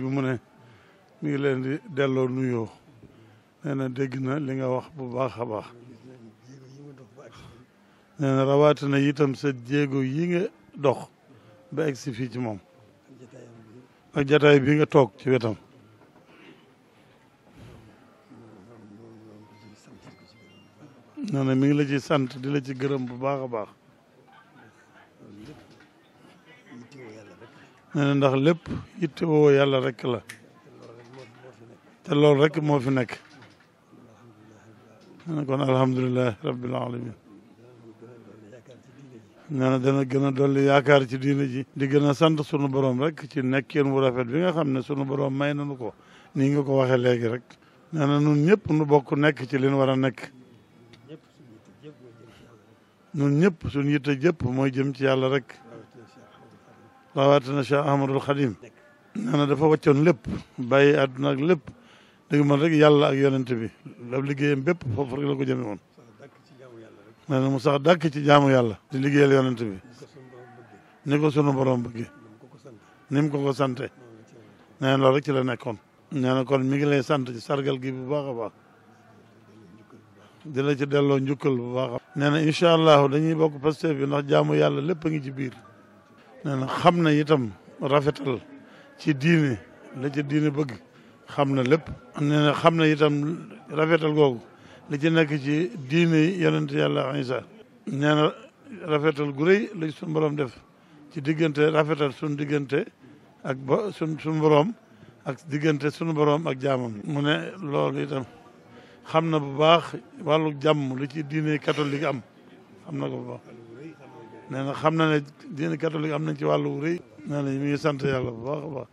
bi mu ne mi ngi leen di delloo nuyoo nee na dégg na li nga wax bu baax a baax nee na rawatina itam sa jéego yi nga dox ba egg si fii ci moom ak jataay bi nga toog ci wetam nee na mi ngi la ci sant di la ci gërëm bu baax a baax nee ndax lépp itte woo yàlla rek la te loolu rek moo fi nekk nee kon alhamdulilah rabbil alamin nee dana gën a dolli yaakaar ci diina ji di gën a sant sunu borom rek ci nekkeen wu rafet bi nga xam ne sunu borom may nanu ko nii nga ko waxee léegi rek nee nun ñëpp nu bokk nekk ci lin war a nekk nun ñëpp suñu yitte jëpp mooy jëm ci yàlla rek rawatina Cheikh Ahmadul Xadim nee na dafa lépp bàyyi àdduna ak lépp dëgg man rek yàlla ak yonent bi ab liggéeyam bépp foofu rek la ko jëme woon nee mu sax dàkk ci jaamu yàlla di liggéeyal yonent bi ni ko sunu borom bëgge ni mu ko sante nee na loolu rek ci la nekkoon nee na kon mi ngi lay sant ci sargal gi bu baax a baax di la ci delloo njukkal bu baax a nee na incha allahu dañuy bokk Pastef bi ndax jaamu yàlla lépp a ngi ci biir nee na xam na itam rafetal ci diine la diine bëgg xam na lépp nee xam na itam rafetal googu la ci nekk ci diine yonent yàlla Isa nee na rafetal gu rëy la suñu borom def ci diggante rafetal suñu diggante ak ba suñ suñu borom ak diggante sunu boroom ak jaamam mu ne lool itam xam na bu baax wàllu jàmm li ci diine catholique am xam na ko bu baax nee na xam na ne diine catholique am nañ ci wàllu rëy nee na mi ngi sant yàlla bu baax a baax